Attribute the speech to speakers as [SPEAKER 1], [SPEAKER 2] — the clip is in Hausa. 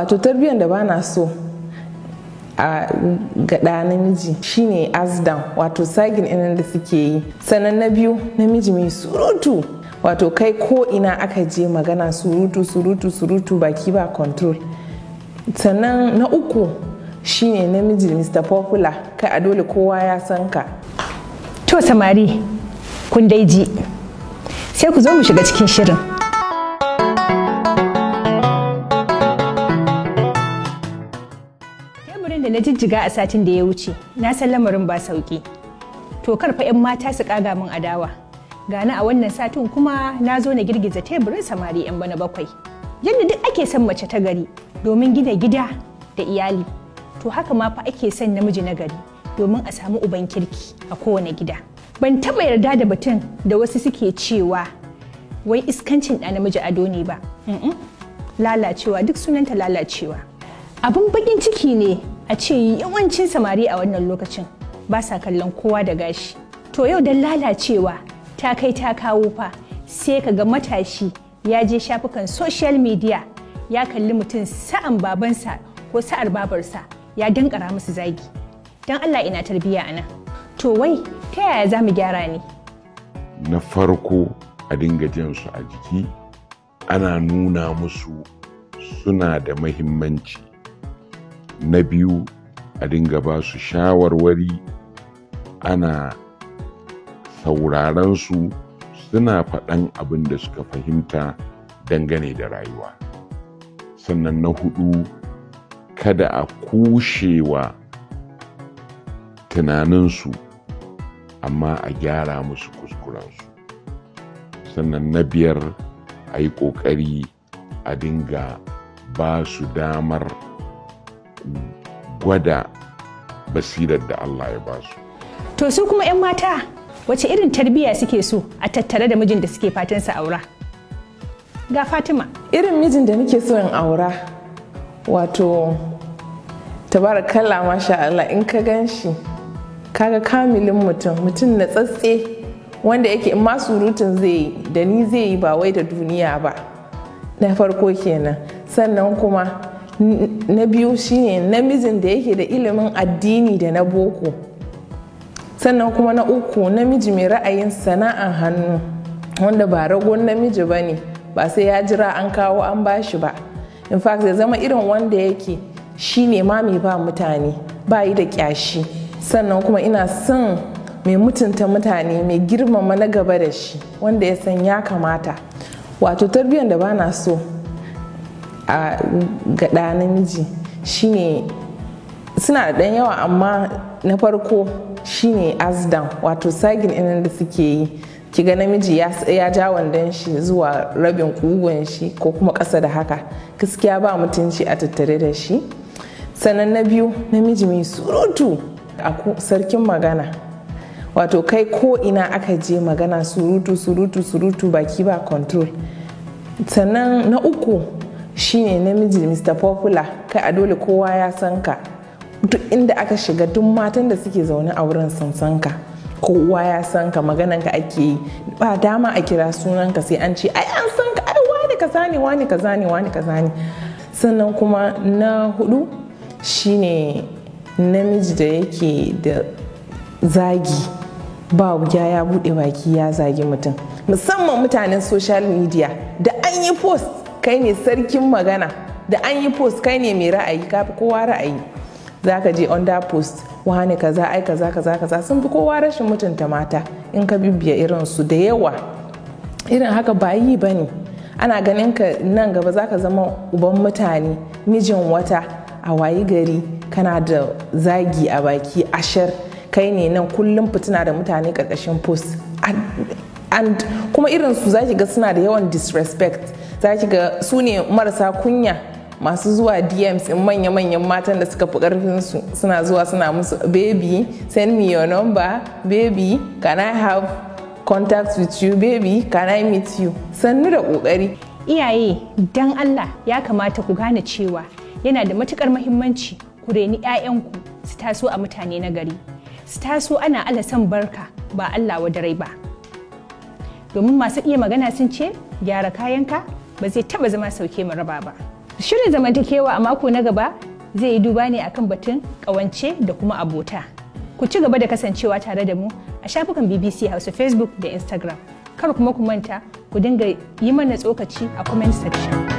[SPEAKER 1] wato tarbiyyar da bana so a gaɗa namiji shine asdam wato sagin inan da suke yi sannan na biyu namiji mai surutu wato kai ko ina aka je magana surutu surutu surutu baki ba control sannan na uku shine namiji mr popular kai a dole kowa ya san ka to samari kun daiji
[SPEAKER 2] sai ku zo mu shiga cikin shirin da na jijjiga a satin da ya wuce na san lamarin ba sauki to karfa 'yan mata su kaga min adawa gani a wannan satin kuma na zo na girgiza teburin samari 'yan bana bakwai yadda duk ake son mace ta gari domin gina gida da iyali to haka ma fa ake son namiji na gari domin a samu uban kirki a kowane gida ban taba yarda da batun da wasu suke cewa wai iskancin da namiji ado ne ba lalacewa duk sunanta lalacewa abin bakin ciki ne a ce yawancin samari a wannan lokacin ba sa kallon kowa da gashi to yau don lalacewa ta kai ta kawo fa sai ka ga matashi ya je shafukan social media ya kalli mutum sa'an babansa ko sa'ar babarsa ya dankara musu zagi don allah ina tarbiyya a nan to wai ta yaya za mu gyara ne
[SPEAKER 3] na farko a dinga jin su a jiki ana nuna musu suna da mahimmanci na biyu a dinga ba su shawarwari ana sauraren su suna faɗan abin da suka fahimta dangane da rayuwa sannan na hudu kada a kushewa tunaninsu amma a gyara musu kuskurensu sannan na biyar a yi ƙoƙari a dinga ba su damar gwada basirar da Allah ya ba su.
[SPEAKER 2] To su kuma 'yan mata wace irin tarbiyya suke so a tattare da mijin da suke fatan
[SPEAKER 1] sa aura? Ga Fatima. Irin mijin da nake so in aura wato kalla masha Allah in ka gan shi kaga kamilin mutum mutum na tsatse wanda yake in ma surutun zai yi da ni zai yi ba wai da duniya ba na farko kenan sannan kuma na biyu shine namijin da yake da ilimin addini da na boko sannan kuma na uku namiji mai ra'ayin sana'an hannu wanda ba ragon namiji ba ne ba sai ya jira an kawo an ba shi ba in fact zai zama irin wanda yake shine ma mai ba mutane ba yi da kyashi sannan kuma ina son mai mutunta mutane mai girmama na gaba da shi wanda ya san ya kamata wato tarbiyyar da bana so a gaɗa namiji shine suna da ɗan yawa amma na farko shine asdan wato sagin inan da suke yi ki ga namiji ya ja wandon shi zuwa rabin kugon shi ko kuma ƙasa da haka gaskiya ba mutunci a tattare da shi sannan na biyu namiji mai surutu a sarkin magana wato kai ko ina aka je magana surutu surutu surutu baki ba control sannan na uku shine namiji mr popular kai a dole kowa ya san ka duk inda aka shiga duk matan da suke zaune a wurin sun san ka kowa ya san ka maganan ka ake yi ba dama a kira sunan ka sai an ce ai an san ka ai wani ka zani. wani ka zani. wani ka zani. sannan kuma na hudu shine namiji da yake da zagi ba wuya ya bude baki ya zagi mutum musamman mutanen social media da an yi post kai ne sarkin magana da an yi post kai ne mai ra'ayi kafi kowa ra'ayi za ka je under post wani kaza ai kaza kaza kaza sun fi kowa rashin mutunta mata in ka bibiya irin su da yawa irin haka ba yi ba ne ana ganin ka nan gaba za ka zama uban mutane mijin wata a wayi gari kana da zagi a baki ashar kai ne nan kullum fitina da mutane karkashin post kuma irin su za ki ga suna da yawan disrespect za ki ga su ne marasa kunya masu zuwa dms in manya-manyan matan da suka fi karfin su suna zuwa suna musu baby send me your number baby can i have contact with you baby can i meet you sannu da kokari iyaye dan allah ya kamata ku gane cewa
[SPEAKER 2] yana da matukar mahimmanci ku reni 'ya'yanku su taso a mutane na gari su taso ana alasan barka ba allah wadarai ba domin masu iya magana sun ce gyara kayanka ba zai taba zama sauke mu raba ba shirin zamantakewa a mako na gaba zai yi duba ne akan batun kawance da kuma abota ku ci gaba da kasancewa tare da mu a shafukan bbc hausa facebook da instagram kar kuma ku manta ku dinga yi mana tsokaci a comment section